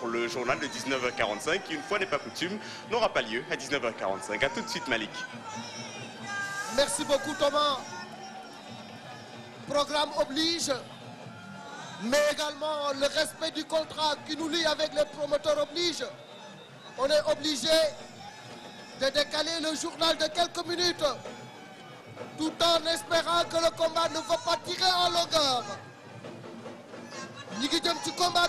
pour le journal de 19h45 qui, une fois n'est pas coutume, n'aura pas lieu à 19h45. A tout de suite, Malik. Merci beaucoup, Thomas. Programme oblige, mais également le respect du contrat qui nous lie avec les promoteurs oblige. On est obligé de décaler le journal de quelques minutes, tout en espérant que le combat ne va pas tirer en longueur. Nous combat.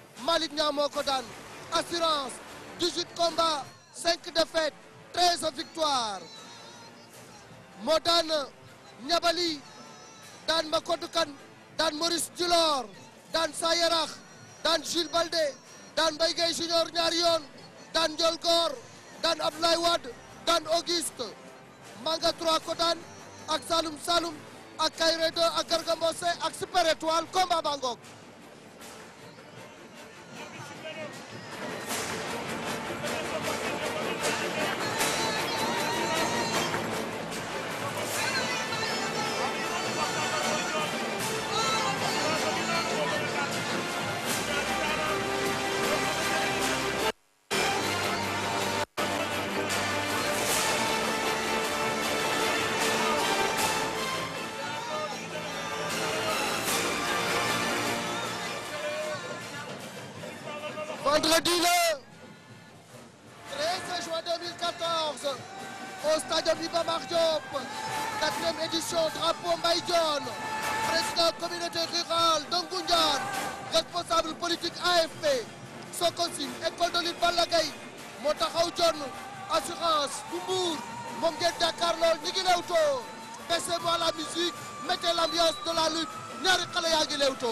Malick Niang assurance 18 combats 5 défaites 13 victoires moo Nyabali, Dan daan Dan Maurice Dulor Dan Sayarax Dan Jules Baldé daan Mbaye Guèye Junior ñaari Dan daan Dan Gor daan Auguste Manga 3 ko daan ak Saloum Saloum ak Kairé 2 ak Garga ak Super Étoile combat ba vendredi le 13 juin 2014 au stade Viva Mariop, 4e édition drapeau Maïdion, président communauté rurale d'Angunjan, responsable politique AFP, Son Sokonsi, école de l'île Balagay, Motahaw Assurance, Kumbour, Monguet Carlo, Carlo, ñi la musique, mettez l'ambiance de la lutte, ñaari xale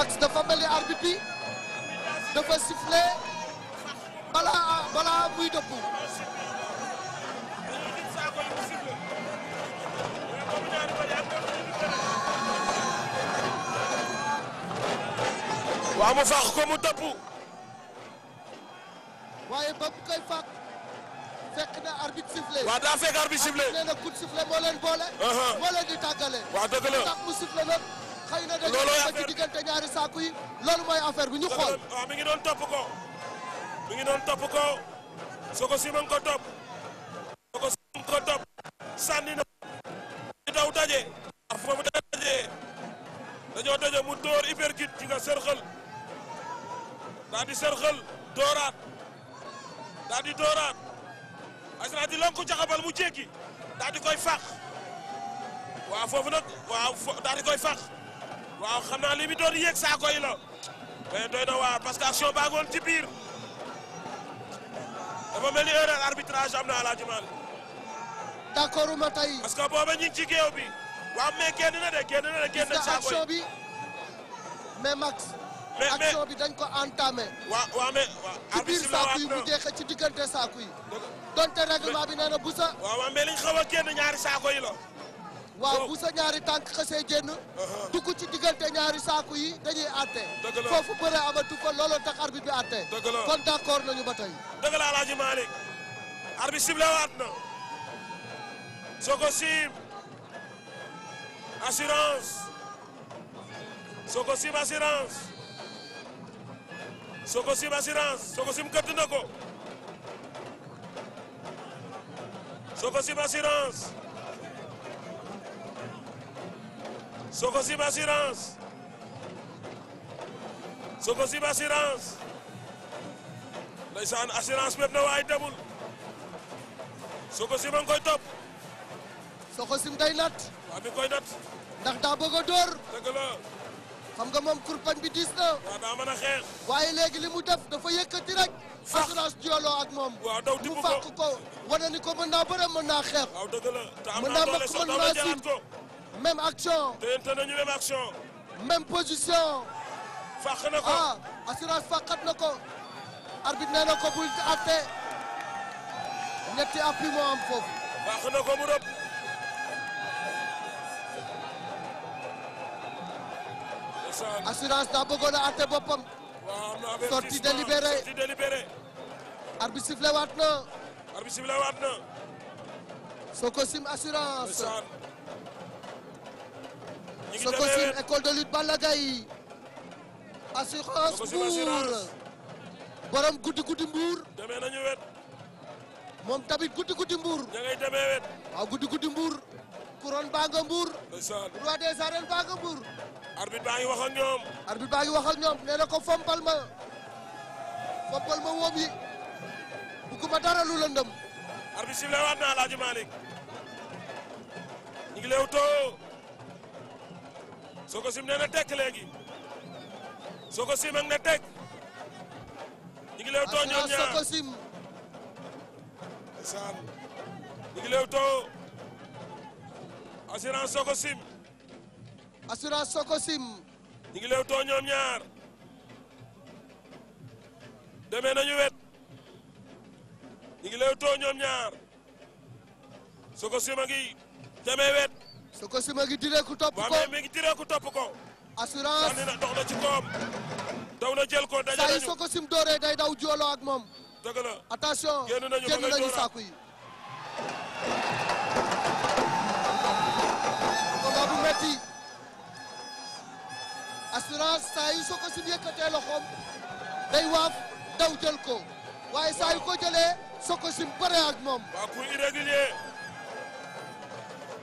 Max dafa mel ni arbitre bi dafa sifflé balaa balaa muy dëpp waaw mu faax ko mu dëpp waaye ba mu koy faax fekk na arbitre sifflé waaw daa fekk arbitre sifflé nee na coup de sifflé moo leen boole uh-huh. moo leen di tàggale waaw dëgg la tax mu sifflé nag xëy na dañu ci diggante ñaari saaku yi loolu mooy affaire bi ñu xool mi ngi doon topp ko mi ngi doon topp ko soo ko siman ko topp soo ko siman ko topp sànni na daw daje fa mu daje dañoo daje mu dóor hypergit ci nga di di asra di lonku jaxabal mu jéggi di koy waaw waaw di koy waaw xam naa li mu yéeg saako yi la mais doy na waar parce que action baa ci biir dafa mel ni erreur arbitrage am na Alaaji Maalik d'accord ma tey parce que booba ñu ci géew bi waaw mais génn na de génn de génn na saako bi mais Max mais bi dañ ko entamé. waaw waaw mais ci biir saako yi mu jeexee ci diggante saako yi donte règlement bi nee na bu sa liñ xaw a ñaari saako yi la waaw oh. bu sa ñaari tànk xasee génn uh-huh. dugg ci diggante ñaari saaku yi dañuy atte foofu bëre amatu fa looloo tax arbitre bi atte kon d'accord nañu ba tey dëgg la Alaaji Malick arbitre sible waat na soo ko siim assurance soo ko siim assurance na ko Sokosim Assurance Sokosim Assurance ndeysaan assurance bépp na waaye demul Sokosim a ngi koy topp Sokosim day nat waa mi koy nat ndax daa bëgg a dóor dëgg la xam nga moom kurpañ bi diis na waaw daa mën a xeex waaye léegi def dafa yëkkati rek assurance jiyoloo ak moom waaw daw dimu ko ko wane ni ko mën naa bëre mën naa dëgg la te am naa doole so mën même action. même action. même position. fàq ko ah assurance fàqat ko. arbitre nee na ko bul àtte ñetti appui moo am foofu. fàq ko mu assurance daa bëggoon a àtte sortie délibérée sortie délibérée. arbitre sifflé Watna. arbitre sifflé Watna. na. Sococim assurance. Sococim école de Balla Gaye assurance Mbour borom guddi guddi Mbour demee nañu wet moom tamit guddi guddi Mbour ña ngay demee wet waaw guddi guddi Mbour couronne baa nga Mbour roi des arènes baa nga Mbour arbitre baa ngi wax ak arbitre ngi wax ak ko fompal ma fompal ma dara lu lëndëm arbitre siflé waat na Alaaji ngi soo ko sim na tek léegi soo ko sim ak na tekk ñu ngi leew too ñoom ñaar soo assurance soo ko soo ko sim ngi leew too ñoom ñaar demee nañu wet ñu ngi leew too ñoom ñaar soo ko sim a wet Sokosi ma ngi ko waaw mais mi ngi diree ku topp ko. assurance sànni na dox na ci koom. daw na jël ko daje nañu saa yu day daw jooloo ak moom. dëgg la nañu génn nañu saako yi. bu metti assurance saa yu Sokosim yëkkatee loxoom day waaf daw jël ko waaye saa yu ko jëlee Sokosim bëree ak moom. waaw coup irrégulier.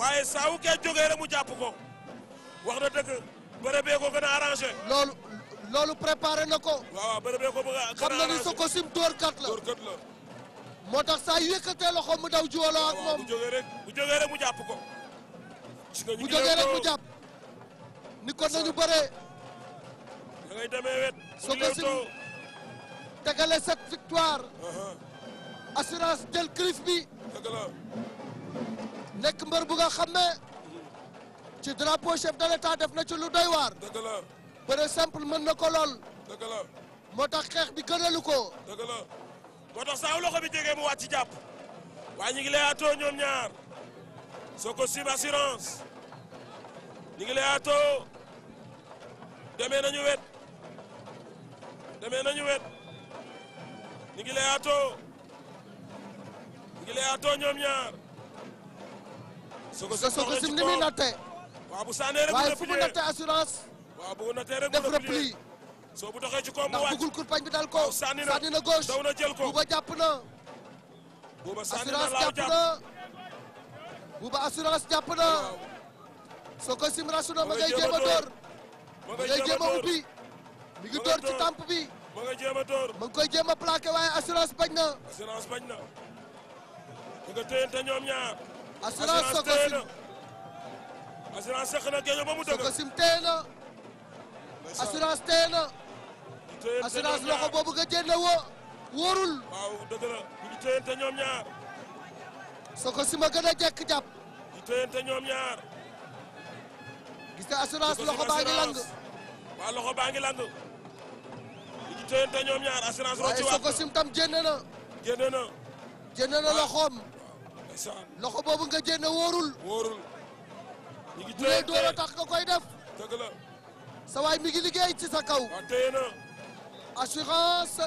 waaye saa wu kee jógee rek mu jàpp ko wax na dëgg bëre bee ko gën a arrangé. loolu préparé na ko. waaw bëre bee xam na ni sa costume dóorkat la la. moo tax saa yëkkatee loxo mu daw jiwaloo ak moom. bu jógee rek mu jàpp ko. bu mu jàpp. ni ko nañu bëree. da ngay demee wet. soo ko si tegale cette victoire. Uh-huh. assurance jël crise bi. nekk mbër bu nga xam ne ci drapeau chef de l'état def na ci lu doy waar. dëgg la mën na ko lool. moo tax xeex bi gënalu ko. dëgg la moo tax saa loxo bi jege mu wàcc jàpp. waaye ñu ngi lay ñoom ñaar Soko Sim assurance ñu ngi lay atoo demee nañu wet wet ñu ngi lay atoo ñu ñoom ñaar. Sokone si Sokone si ni muy nattee. waaw bu saanee rek waaye fu mu nattee assurance. waaw bu nattee rek def repli. soo bu doxee ci koom mu wàcc ndax bëggul kurpañ bi dal ko. waaw sànni na sànni na gauche daw na jël ko buuba jàpp na. buuba sànni na laaw assurance jàpp na. buuba assurance jàpp na. Sokone si rasu na ma ngay jéem a door. ma ngay jéem a ubbi. mi ngi door ci tàmp bi. ma nga jéem a door ma ngi koy jéem a plaqué waaye assurance bañ na. assurance bañ na. nga téyante ñoom ñaar. assurance Sococim assurance sëq na géej ba loxo boobu nga jënd woo wóorul. waaw dëgg la bu ñu téyante ñoom ñaar. Sococim a gën a jekk jàpp. ñu téyante ñoom ñaar. gis loxo baa lang. waaw loxo baa ngi ñoom ñaar assurance. rocci waat waaye tam jënd na. jënd loxo boobu nga génne wóorul. wóorul. ñu ngi téye bu dee tax nga koy def. dëgg mi ngi liggéey ci sa kaw. waaw téye na. assurance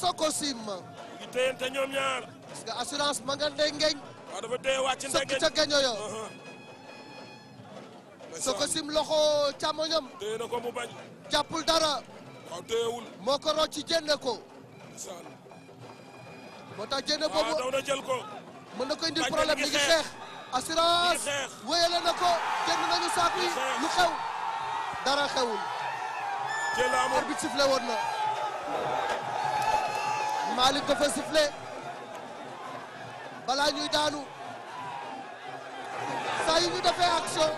Sococim. ñu ngi téyante ma nga ndengeñ. waaw ca gaño ya. Uh-huh. Sococim loxo càmmoñam. téye na dara. waaw téyewul. moo ko moo tax jënd boobu ko. mën na ko indil problème mi ngi xeex assurance wéyale na ko génn nañu saako yi lu xew dara xewul arbitre sifflé woon na Malick dafa sifflé balaa ñuy daanu saa yu ñu defee action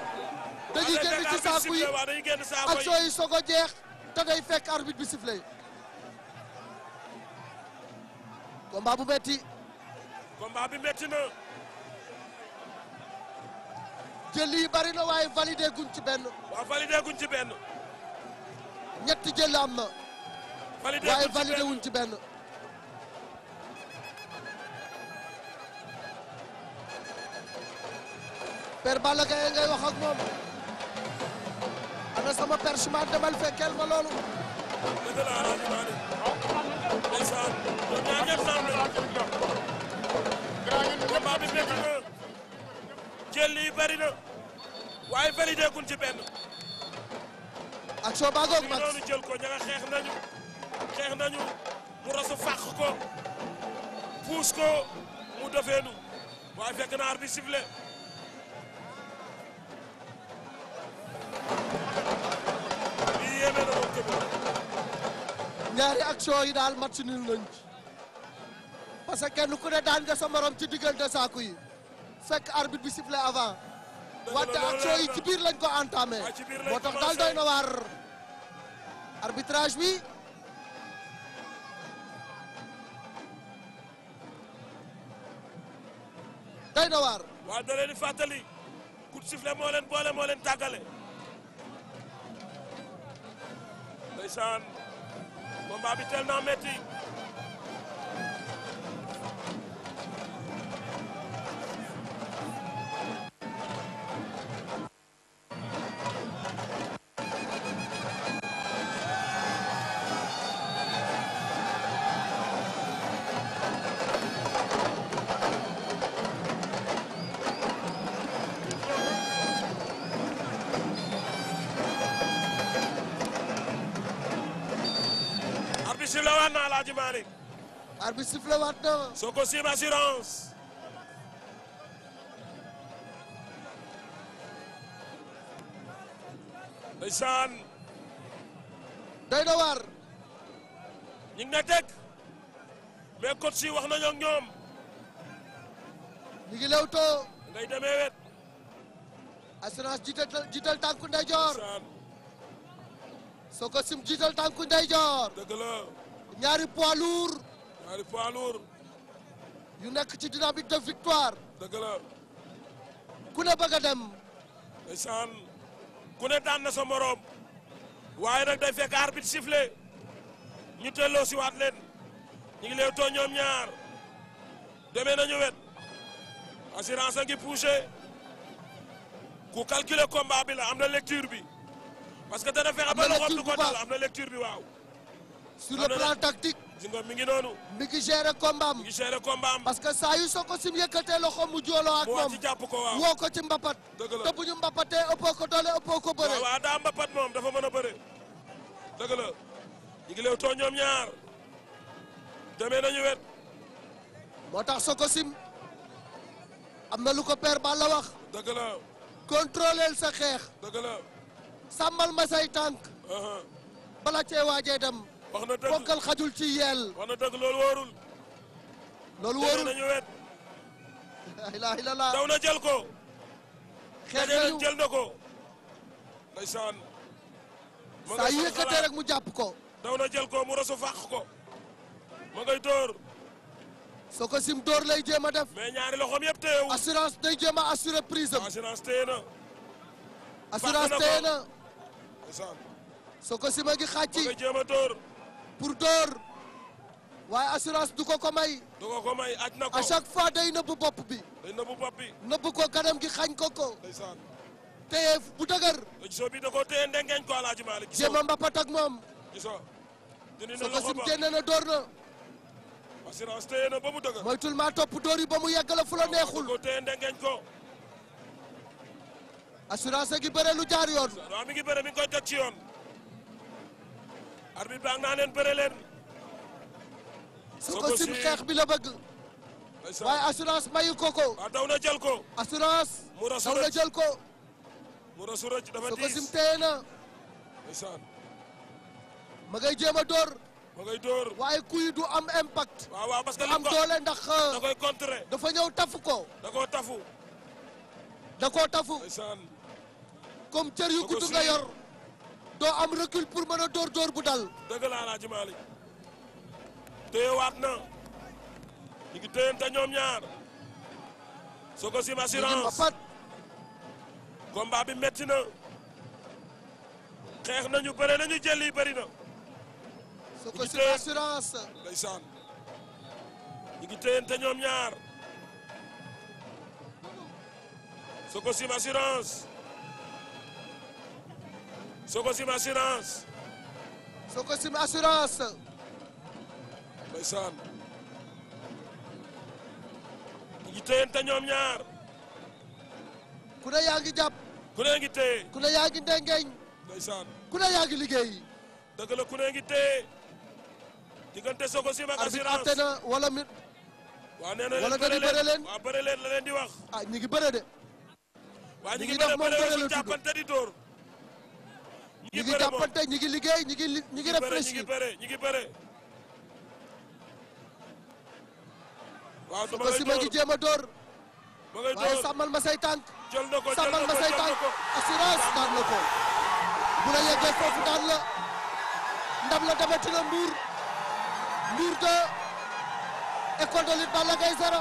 dañuy génn ci saako yi action yi soog a jeex te day fekk arbitre bi sifflé combat bu metti combat bi métti na. jël yi bari na waaye validé guñ ci benn. waaw ci benn. ñetti jël am na. waaye validé wuñ ci benn. père Balla Gaye ngay wax moom. ana sama père Chimane demal fekkeel ma loolu. métti na jël yi bëri waaye validé kuñ ci benn. action baa jël ko ña xeex nañu xeex nañu mu rasu fàq ko puus ko mu defeenu waaye fekk na bi sifflé lii yéeme na moom ñaari action yi daal match nul nañ ci parce que kenn ku ne daan nga sa morom ci diggante saako yi fekk arbitre bi sifflé avant wante action yi ci biir lañ ko entamé ah, moo tax daal doy na waar arbitrage bi doy na waar waaw da leen di fàttali coup moo leen boole moo leen tàggale Alaaji Malick arbitre sifflé waat na Soko Sim assurance day na waar ñu ngi ne teg mais wax nañu ak ñoom ñu ngi lew too ngay assurance jiital jiital tànku ndeyjoor Soko Sim jiital tànku ñaari poids lourd. ñaari poids lourd. yu nekk ci dynamique de victoire. dëgg la. ku ne bëgg a dem. ndeysaan ku ne daan na sa morom waaye nag day fekk arbitre sifflé ñu telloo si waat leen ñu ngi lay too ñoom ñaar demee nañu wet assurance a ngi poussé ku calculer combat bi la am na lecture bi parce que dana fexe ba loxoom du ko dal am na lecture bi waaw sur le plan tactique jingo mi ngi noonu mi ngi gérer combat mi ngi gérer combat am parce que yu sim loxo mu ak ko ko ci mbapat te bu ñu mbapatee ko ko mbapat mom, dafa mën a bëre la ngi ñaar nañu wet moo tax sim am lu ko père ba la wax la contrôler sa la ma say bala dem wax na dëgg ponkal xajul ci yeel. wax na dëgg loolu wóorul. loolu wóorul dégg nañu wet. ilaha illallah daw na jël ko. xeex nañu jël na ko. ndeysaan. ma ngay saa yëkkatee rek mu jàpp ko. daw na jël ko mu rasu fàq ko. ma ngay dóor. soo ko sim dóor lay jéem a def. mais ñaari loxoom yëpp téyewu. assurance day jéem a assuré prise am. assurance téye na. assurance téye na. ndeysaan. soo ko sima gi xàcci. ma ngay jéem a dóor. pour dóor waaye assurance du ko ko may. du ko ko may aj na ko à papi, fois day nëbb bopp bi. day nëbb bopp bi. nëbb ko kanam gi xañ ko ko. ndeysaan. téye bu dëgër. gisoo bi da koo téye ndengeñ ko Alaaji Maalik. jéem a mbapat ak moom. gisoo. dinañ la loxo ba soo na door na. assurance téye na ba mu dëgër. moytul maa topp door yi ba mu yàggale fu la arbitre baa naa leen bëre leen. ko sim xeex bi la waaye assurance mayu ko ko. Ah, daw na jël ko. daw na jël ko. mu ko sim téye na. ndeysaan. ma a door. ma ngay door du am impact. que am doole ndax. da euh, koy ñëw tafu ko. da koo tafu. da koo tafu. ndeysaan. cër yu gudd yor. Do am recul pour mën dor dóor dóor bu dal. dëgg la Alaaji Maalik téyewaat na ñu ngi téyante ñoom ñaar Sococim assurance combat bi metti na xeex nañu bëre nañu jël yi bëri na. Sococim assurance ndeysaan ñu ngi téyante ñoom ñaar Sococim assurance. Sococim assurance. Sococim assurance. ndeysaan. ñu ngi téyante ñoom ñaar. ku ne yaa ngi jàpp. ku ne ngi téye. ku ne yaa ngi ndengeñ. ndeysaan. ku ne yaa ngi liggéey. dëgg la ku ne ngi téye. diggante Sococim ak assurance arbitre wala mi. waa nee na leen bëre leen waa bëre leen la leen di wax. ah ñu ngi bëre de. waa ñu ngi bëre bëre su jàppante di dóor. ñi ngi jàppante ñi ngi liggéey ñi ngi ñi ngi réfléchir ñi ngi bëre waaw a door waaye sàmmal ma say tànk jël ma say tànk assurance daan la bu la yeggee foofu daan la la demati na mbuur mbuur de école de lutte Balla Gaye zéro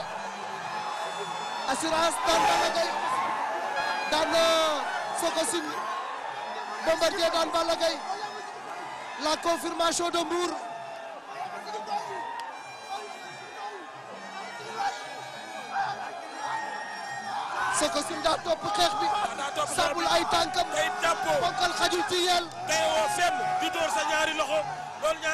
assurance daan Balla Gaye daan Sococim Bombardier daan Balla Gaye la confirmation de Mbour Sokocim daa topp xeex bi sabul ay tànkam bonkal xajul ci di door sa ñaari loxo